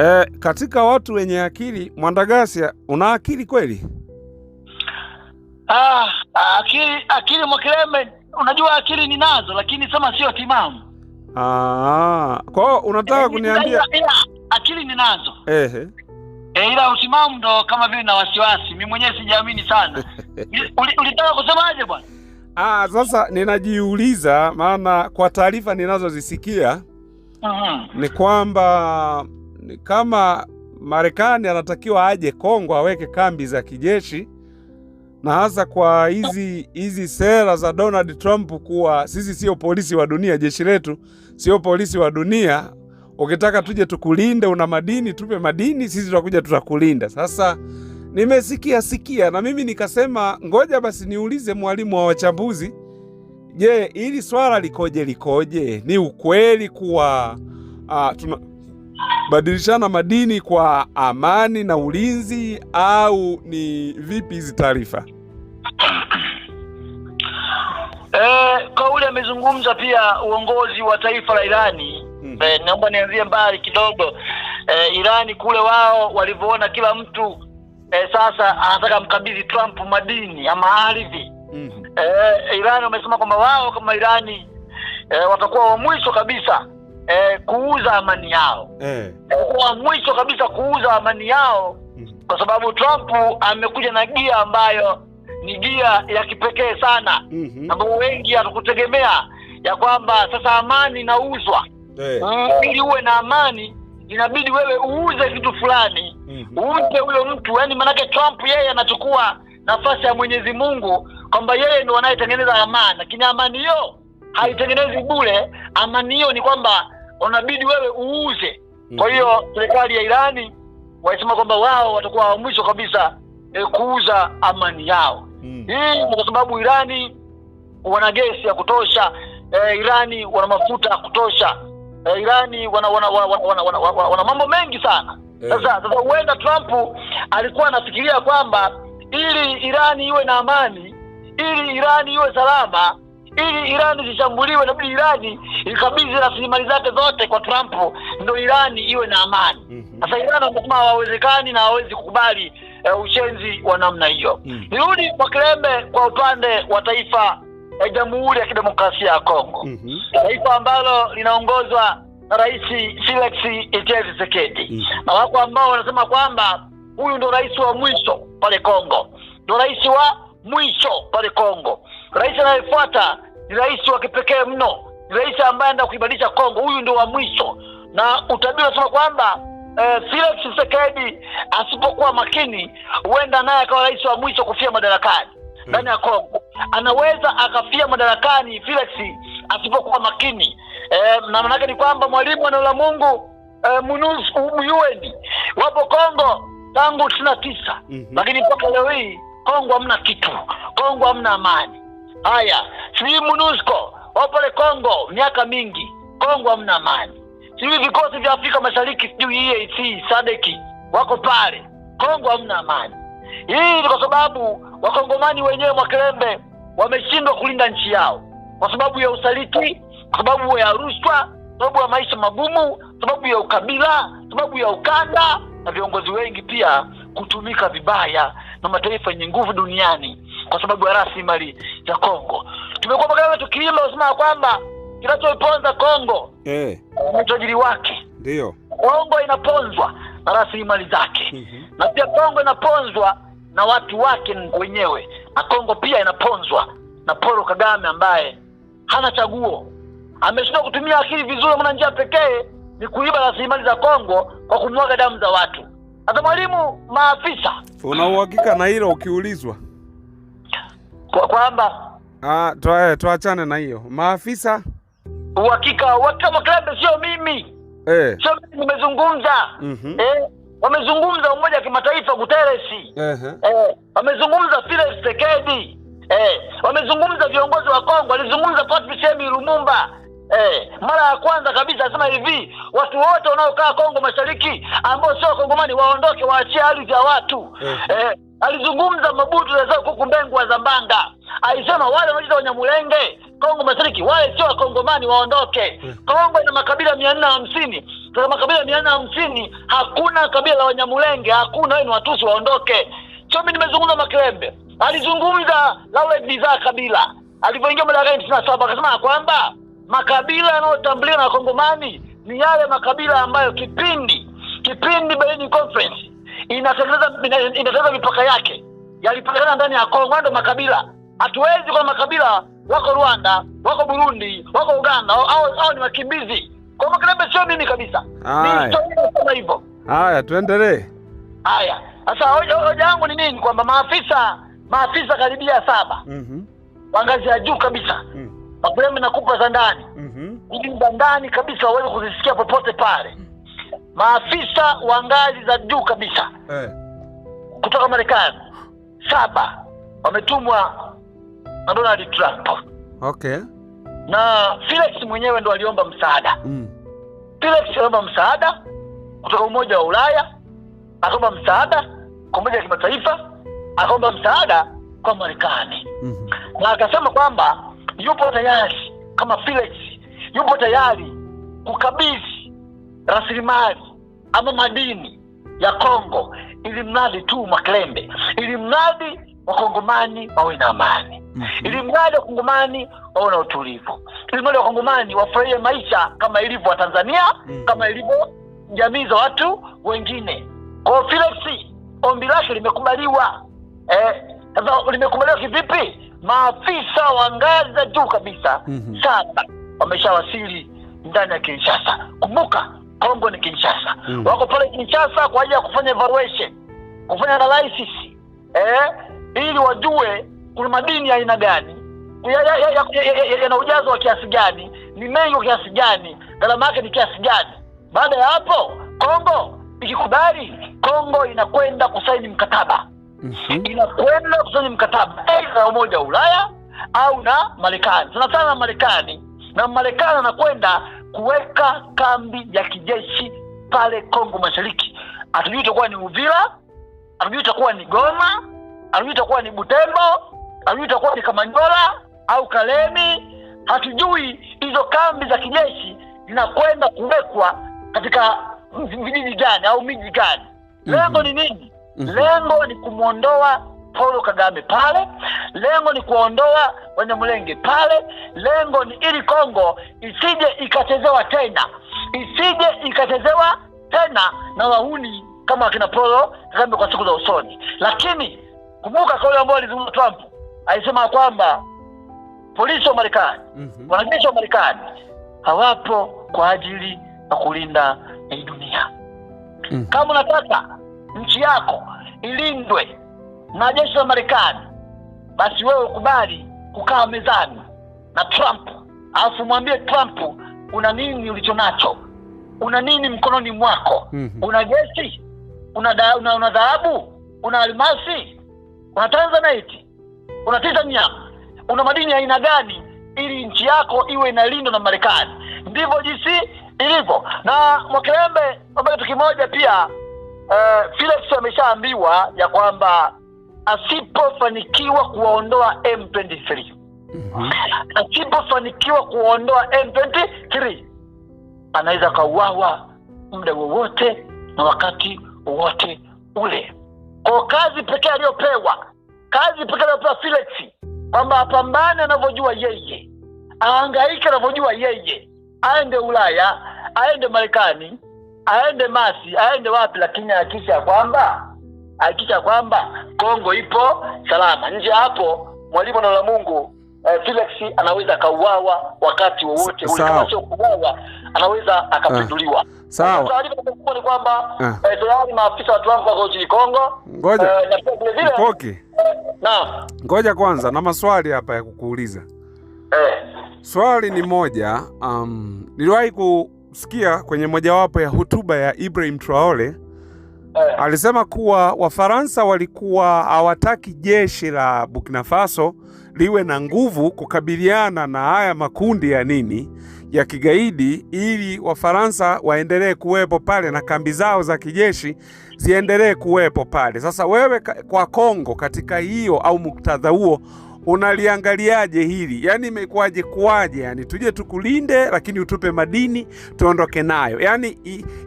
E, katika watu wenye akili mwandagasia una akili kweli? Ah, akili akili Mwakilembe, unajua akili ninazo, lakini sema sio timamu. Ah, kwa hiyo unataka eh, kuniambia akili ninazo ehe. E, ila utimamu ndo kama vile na wasiwasi, mimi mwenyewe sijaamini sana. Ulitaka kusemaje bwana? Ah, sasa ninajiuliza, maana kwa taarifa ninazozisikia uh mhm. -huh. ni kwamba kama Marekani anatakiwa aje Kongo aweke kambi za kijeshi, na hasa kwa hizi hizi sera za Donald Trump kuwa sisi sio polisi wa dunia, jeshi letu sio polisi wa dunia. Ukitaka tuje tukulinde, una madini, tupe madini, sisi tutakuja tutakulinda. Sasa nimesikia sikia na mimi nikasema ngoja basi niulize mwalimu wa wachambuzi, je, hili swala likoje likoje? Ni ukweli kuwa uh, tuna badilishana madini kwa amani na ulinzi, au ni vipi hizi taarifa? Eh, kauli amezungumza pia uongozi wa taifa la Irani. Hmm. E, naomba nianzie mbali kidogo. E, Irani kule wao walivyoona kila mtu e, sasa anataka mkabidhi Trump madini ama ardhi. Hmm. Eh, Irani wamesema kwamba wao kama Irani eh, watakuwa wa mwisho kabisa eh, kuuza amani yao eh. Wa mwisho kabisa kuuza amani yao mm. Kwa sababu Trump amekuja na gia ambayo ni gia ya kipekee sana mm -hmm. wengi hatukutegemea ya kwamba sasa amani inauzwa eh. Ili uwe na amani inabidi wewe uuze kitu fulani mm -hmm. Uuze huyo mtu yani, maanake Trump yeye anachukua nafasi ya Mwenyezi Mungu kwamba yeye ndo anayetengeneza amani, lakini amani hiyo haitengenezi bure. Amani hiyo ni kwamba unabidi wewe uuze. Kwa mhm. hiyo serikali ya Irani walisema kwamba wao watakuwa wa mwisho kabisa e, kuuza amani yao mhm. hii ni Kwa sababu Irani wana gesi ya kutosha e, Irani wana mafuta ya kutosha e, Irani wana wana, wana, wana, wana, wana, wana mambo mengi sana sasa eh. Sasa huenda Trump alikuwa anafikiria kwamba ili Irani iwe na amani, ili Irani iwe salama ili Irani zishambuliwe, inabidi Irani ikabidhi rasilimali zake zote kwa Trump, ndo Irani iwe na amani. Mhm. Sasa mm -hmm. Irani wanasema hawawezekani na hawezi kukubali uh, ushenzi wa namna hiyo. mm -hmm. Nirudi kwa Kilembe, kwa upande wa taifa ya eh, Jamhuri ya Kidemokrasia ya Kongo mm -hmm. taifa ambalo linaongozwa na Rais Felix Tshisekedi mm -hmm. na wako ambao wanasema kwamba huyu ndo rais wa mwisho pale Kongo, ndo rais wa mwisho pale Kongo, rais anayefuata ni rais wa kipekee mno, ni rais ambaye anaenda kuibadilisha Kongo. Huyu ndio wa mwisho, na utabiri unasema kwamba eh, Felix Tshisekedi asipokuwa makini, huenda naye akawa rais wa mwisho kufia madarakani hmm. ndani hmm. ya Kongo. Anaweza akafia madarakani Felix asipokuwa makini eh, na maanake ni kwamba mwalimu ana la Mungu eh, MUNUSUN wapo Kongo tangu tisini tisa, mhm. lakini mpaka leo hii Kongo hamna kitu, Kongo hamna amani. Haya, sijui MONUSCO wapo le Kongo miaka mingi, Kongo hamna amani. Sijui vikosi vya Afrika Mashariki, sijui EAC sadeki wako pale, Kongo hamna amani. Hii ni kwa sababu wakongomani wenyewe mwakilembe wameshindwa kulinda nchi yao kwa sababu ya usaliti, kwa sababu ya rushwa, kwa sababu ya maisha magumu, kwa sababu ya ukabila, kwa sababu ya ukanda na viongozi wengi pia kutumika vibaya na mataifa yenye nguvu duniani kwa sababu ya rasilimali za Kongo. Tumekuwa mpaka tukilima usema kwamba kinachoponza Kongo eh, ni utajiri wake. Ndio Kongo inaponzwa na rasilimali zake mm -hmm. na pia Kongo inaponzwa na watu wake wenyewe, na Kongo pia inaponzwa na Paul Kagame ambaye hana chaguo, ameshindwa kutumia akili vizuri. Mwana njia pekee ni kuiba rasilimali za Kongo kwa kumwaga damu za watu. Hata mwalimu, maafisa, una uhakika na hilo ukiulizwa? kwamba kwa ah, eh, tuachane na hiyo maafisa uhakika uhakika maklabu, sio mimi eh, sio mimi nimezungumza. mm -hmm. eh, wamezungumza umoja wa kimataifa Guterres, eh, eh, wamezungumza Felix Tshisekedi eh, wamezungumza viongozi wa Kongo, walizungumza Patrice Lumumba eh, mara ya kwanza kabisa asema hivi watu wote wanaokaa Kongo Mashariki ambao sio wakongomani waondoke, waachie ardhi ya watu eh. Eh, Alizungumza Mabutu kuku mbengu wa Zambanga, alisema wale wanaojiita Wanyamulenge Kongo Mashariki wale sio Wakongomani, waondoke. Hmm. Kongo ina makabila mia nne hamsini katika makabila mia nne hamsini hakuna kabila la Wanyamulenge, hakuna. Wewe ni Watusi, waondoke. Chomi nimezungumza. Makilembe alizungumza Laurent Bizaa Kabila alivyoingia madarakani tisini na saba akasema kwamba makabila yanayotambuliwa na Wakongomani ni yale makabila ambayo kipindi kipindi Berlin Conference inatengeneza inatengeneza mipaka yake yalipatikana ndani ya Kongo. Ndo makabila hatuwezi kwa makabila wako Rwanda, wako Burundi, wako Uganda au ni wakimbizi. Kwa hivyo kilembe sio mimi kabisa, ni historia kama hivyo. Haya, tuendelee. Haya, sasa hoja yangu ni nini? Kwamba maafisa maafisa karibia saba mm wa ngazi ya juu kabisa mm. na nakupa za ndani mm ndani kabisa, waweze kuzisikia popote pale maafisa wa ngazi za juu kabisa eh, kutoka Marekani saba wametumwa na Donald Trump. Okay, na Felix mwenyewe ndo aliomba msaada mm. Felix aliomba msaada kutoka Umoja wa Ulaya, akaomba msaada kwa Umoja wa Kimataifa, akaomba msaada kwa Marekani mm -hmm. na akasema kwamba yupo tayari kama Felix yupo tayari kukabidhi rasilimali ama madini ya Kongo, ili mradi tu maklembe ili mradi wakongomani wawe na amani mm-hmm. ili mradi wakongomani wawe na utulivu, ili mradi wakongomani wafurahie maisha kama ilivyo Watanzania mm-hmm. kama ilivyo jamii za watu wengine. Kwa Felix ombi lake limekubaliwa. Eh, sasa eh, limekubaliwa kivipi? Maafisa wa ngazi za juu kabisa mm-hmm. sasa wameshawasili ndani ya Kinshasa. Kumbuka Kongo ni Kinshasa mm. wako pale Kinshasa kwa ajili ya kufanya evaluation, kufanya analysis eh, ili wajue kuna madini ya aina gani yana ujazo wa kiasi gani, ni mengi kiasi gani, gharama yake ni kiasi gani. Baada ya hapo, Kongo ikikubali, Kongo inakwenda kusaini mkataba mm -hmm. inakwenda kusaini mkataba aidha na Umoja wa Ulaya au na Marekani, sana sana na Marekani, na Marekani anakwenda kuweka kambi ya kijeshi pale Kongo Mashariki. Hatujui itakuwa ni Uvira, hatujui itakuwa ni Goma, hatujui itakuwa ni Butembo, hatujui itakuwa ni Kamanyola au Kalemi. Hatujui hizo kambi za kijeshi zinakwenda kuwekwa katika vijiji gani au miji gani. Mhm. Lengo ni nini? Mhm. Lengo ni kumwondoa Paulo Kagame pale. Lengo ni kuondoa Wenyamulenge pale. Lengo ni ili Kongo isije ikachezewa tena, isije ikachezewa tena na wahuni kama wakina Paulo Kagame kwa siku za usoni. Lakini kumbuka kauli ambayo alizungumza Trump, alisema kwamba polisi wa Marekani, mhm. wanajeshi wa Marekani hawapo kwa ajili ya kulinda dunia. Mm. Kama unataka nchi yako ilindwe na jeshi la Marekani, basi wewe ukubali kukaa mezani na Trump, alafu mwambie Trump una nini ulicho nacho, una nini mkononi mwako? Mhm. Una jeshi? Una dhahabu? Una, una, una almasi? Una tanzanite? Una titanium? Una madini ya aina gani, ili nchi yako iwe inalindwa na Marekani? Ndivyo jinsi ilivyo. Na Mwakilembe, kwamba kitu kimoja pia, uh, eh, Philips ameshaambiwa ya kwamba asipofanikiwa kuwaondoa M23 mhm. asipofanikiwa kuwaondoa M23 anaweza kawawa muda wowote na wakati wowote ule kwa kazi pekee aliyopewa kazi pekee aliyopewa Felix kwamba apambane anavyojua yeye aangaike anavyojua yeye aende Ulaya aende Marekani aende Masi aende wapi, lakini ahakikisha ya kwamba hakika kwamba Kongo ipo salama. Nje hapo mwalimu na Mungu eh, Felix anaweza akauawa wakati wowote ule, sio kuuawa anaweza akapinduliwa. Ah, sawa, ni kwamba ah. eh, tayari maafisa wa Trump wako nchini Kongo. Ngoja eh, na naam, ngoja kwanza, na maswali hapa ya kukuuliza eh. Swali ni moja, um, niliwahi kusikia kwenye mojawapo ya hotuba ya Ibrahim Traore Eh. Alisema kuwa Wafaransa walikuwa hawataki jeshi la Burkina Faso liwe na nguvu kukabiliana na haya makundi ya nini ya kigaidi, ili Wafaransa waendelee kuwepo pale na kambi zao za kijeshi ziendelee kuwepo pale. Sasa wewe kwa Kongo katika hiyo au muktadha huo unaliangaliaje hili? Yaani imekuwaje kuwaje? Yani tuje tukulinde, lakini utupe madini tuondoke nayo. Yaani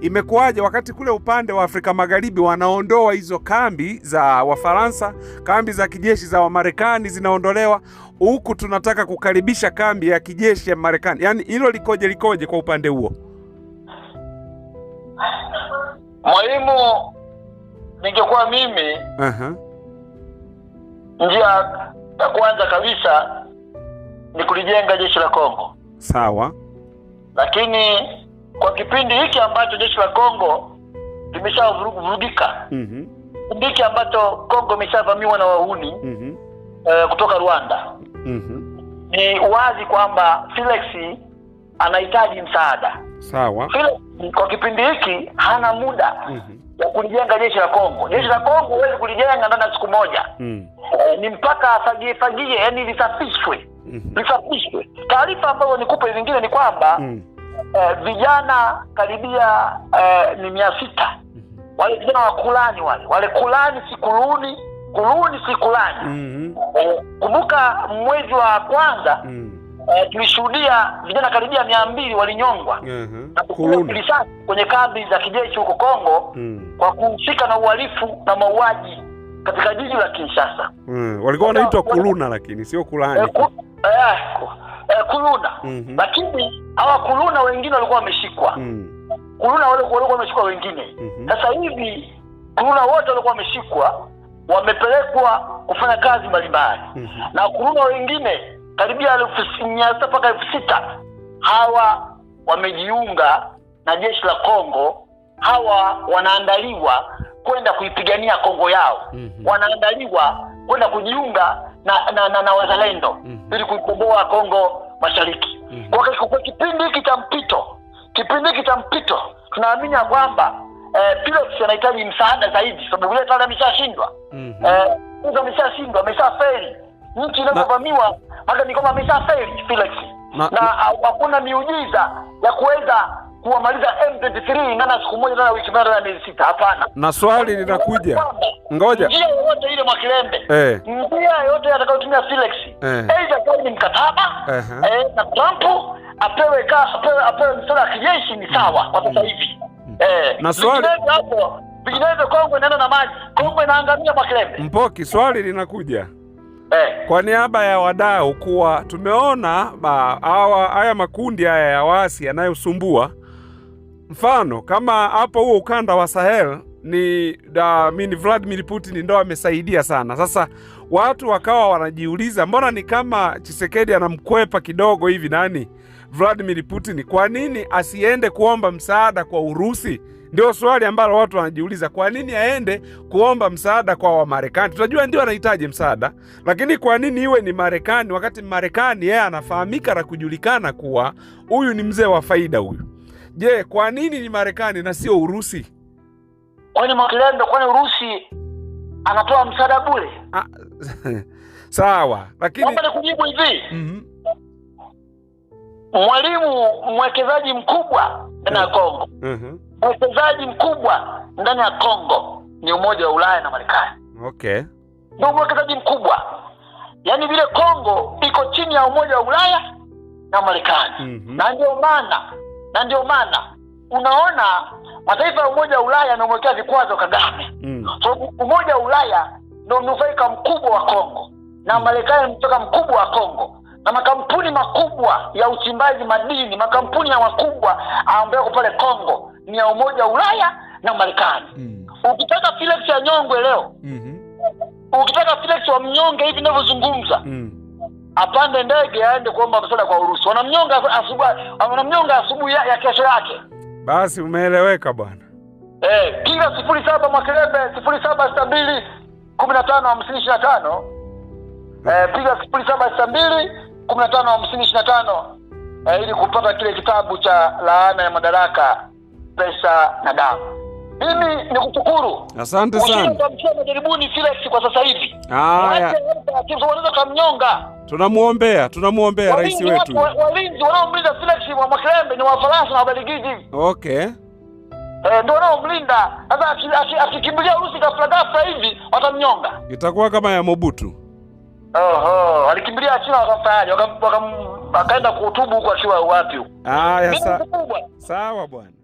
imekuwaje wakati kule upande wa Afrika Magharibi wanaondoa hizo kambi za Wafaransa, kambi za kijeshi za Wamarekani zinaondolewa, huku tunataka kukaribisha kambi ya kijeshi ya Marekani. Yaani hilo likoje, likoje kwa upande huo? Mwalimu, ningekuwa mimi uh -huh. njia la kwanza kabisa ni kulijenga jeshi la Kongo. Sawa, lakini kwa kipindi hiki ambacho jeshi la Kongo limeshavurugika mm-hmm. hiki ambacho Kongo imeshavamiwa na wahuni mm-hmm. uh, eh, kutoka Rwanda mm-hmm. ni wazi kwamba Felix anahitaji msaada. Sawa, Felix kwa kipindi hiki hana muda mm-hmm. kulijenga jeshi la Kongo. Jeshi la Kongo huwezi kulijenga ndani ya siku moja mm eh, ni mpaka afagie fagie, yani lisafishwe mhm. lisafishwe. Taarifa ambazo nikupe zingine ni kwamba mm. eh, vijana karibia eh, ni mia sita mhm. wale vijana wa kulani wale wale kulani si kuluni kuluni si kulani mm -hmm. eh, kumbuka mwezi wa kwanza mm. eh, tulishuhudia vijana karibia mia mbili walinyongwa mm -hmm. kwenye kambi za kijeshi huko Kongo mm. kwa kuhusika na uhalifu na mauaji katika jiji la Kinshasa mm. walikuwa wanaitwa kuluna lakini sio kulani eh, ku, eh, eh, kuluna mm -hmm. lakini hawa kuluna wengine walikuwa wameshikwa mm. kuluna walikuwa wameshikwa wengine mm -hmm. hivi kuluna wote walikuwa wameshikwa wamepelekwa kufanya kazi mbalimbali mm -hmm. na kuluna wengine karibia elfu sita mpaka elfu sita hawa wamejiunga na jeshi la Kongo hawa wanaandaliwa kwenda kuipigania Kongo yao mm -hmm. wanaandaliwa kwenda kujiunga na na, na, na wazalendo mm -hmm. ili kuikomboa Kongo Mashariki mm -hmm. kwa kwa kipindi hiki cha mpito, kipindi hiki cha mpito tunaamini ya kwamba eh, anahitaji msaada zaidi, sababu yeye tayari ameshashindwa mm -hmm. eh, ameshashindwa, ameshafeli. Nchi inapovamiwa hata ni kwamba ameshafeli Felix. Na ah, hakuna miujiza ya kuweza kuwamaliza M23 ndana siku moja, ndana wiki moja, ndana miezi sita. Hapana, na swali linakuja, ngoja njia yoyote ile Mwakilembe eh, njia yoyote atakayotumia Felix eh, aidha kwa ni mkataba eh, eh na Trump apewe ka apewe apewe msala kijeshi ni sawa kwa sasa hivi mm. eh, na swali hapo vinginevyo Kongo inaenda na maji, Kongo inaangamia Mwakilembe. Mpoki, swali linakuja eh. kwa niaba ya wadau kuwa tumeona hawa haya makundi haya ya waasi yanayosumbua Mfano kama hapo huo ukanda wa Sahel ni da, mini Vladimir Putin ndo amesaidia sana. Sasa watu wakawa wanajiuliza mbona ni kama Chisekedi anamkwepa kidogo hivi nani Vladimir Putin, kwa nini asiende kuomba msaada kwa Urusi? Ndio swali ambalo watu wanajiuliza, kwa nini aende kuomba msaada kwa Wamarekani? Tunajua ndio anahitaji msaada, lakini kwa nini iwe ni Marekani, wakati Marekani yeye anafahamika na kujulikana kuwa huyu ni mzee wa faida huyu Je, kwa nini ni Marekani na sio Urusi? Kwani Mwakilendo, kwani Urusi anatoa msaada bure? Ah, sawa, lakini naomba nikujibu hivi. mm -hmm. Mwalimu mwekezaji mkubwa ndani ya eh. Kongo, mhm. mwekezaji mm -hmm. mkubwa ndani ya Kongo ni Umoja wa Ulaya na Marekani. Okay, ndio mwekezaji mkubwa, yaani vile Kongo iko chini ya Umoja wa Ulaya na Marekani. mm -hmm. na ndio maana na ndio maana unaona mataifa ya Umoja wa Ulaya yamemwekea vikwazo Kagame mm. so, Umoja wa Ulaya ndo mnufaika mkubwa wa Kongo na mm. Marekani mnufaika mkubwa wa Kongo na makampuni makubwa ya uchimbaji madini, makampuni ya makubwa ambayo pale Kongo ni ya Umoja wa Ulaya na Marekani mm. ukitaka ya nyongwe leo mm -hmm. ukitaka wa mnyonge hivi inavyozungumza mm apande ndege aende kuomba msaada kwa Urusi. Wanamnyonga asubuhi, wanamnyonga asubuhi ya, ya kesho yake. Basi umeeleweka bwana. Eh, kila sifuri saba Mwakelebe sifuri saba sita mbili kumi na tano hamsini ishirini na tano eh, piga sifuri saba sita mbili kumi na tano hamsini ishirini na tano eh, ili kupata kile kitabu cha laana ya madaraka pesa na damu. Mimi ni Asante sana. majaribuni Felix kwa sasa hivi. Haya kifo wanaweza kamnyonga. Tunamuombea, tunamuombea rais wetu. Walinzi wanaomlinda Felix wa Makerembe ni Wafaransa na Wabelgiji. Okay. Eh, ndio wanaomlinda. Sasa akikimbilia Urusi ghafla ghafla hivi watamnyonga. Itakuwa kama ya Mobutu. Oho, walikimbilia China wakamfanyaje? Wakam wakaenda kuhutubu huko akiwa wapi huko. Ah, sawa. Sawa bwana.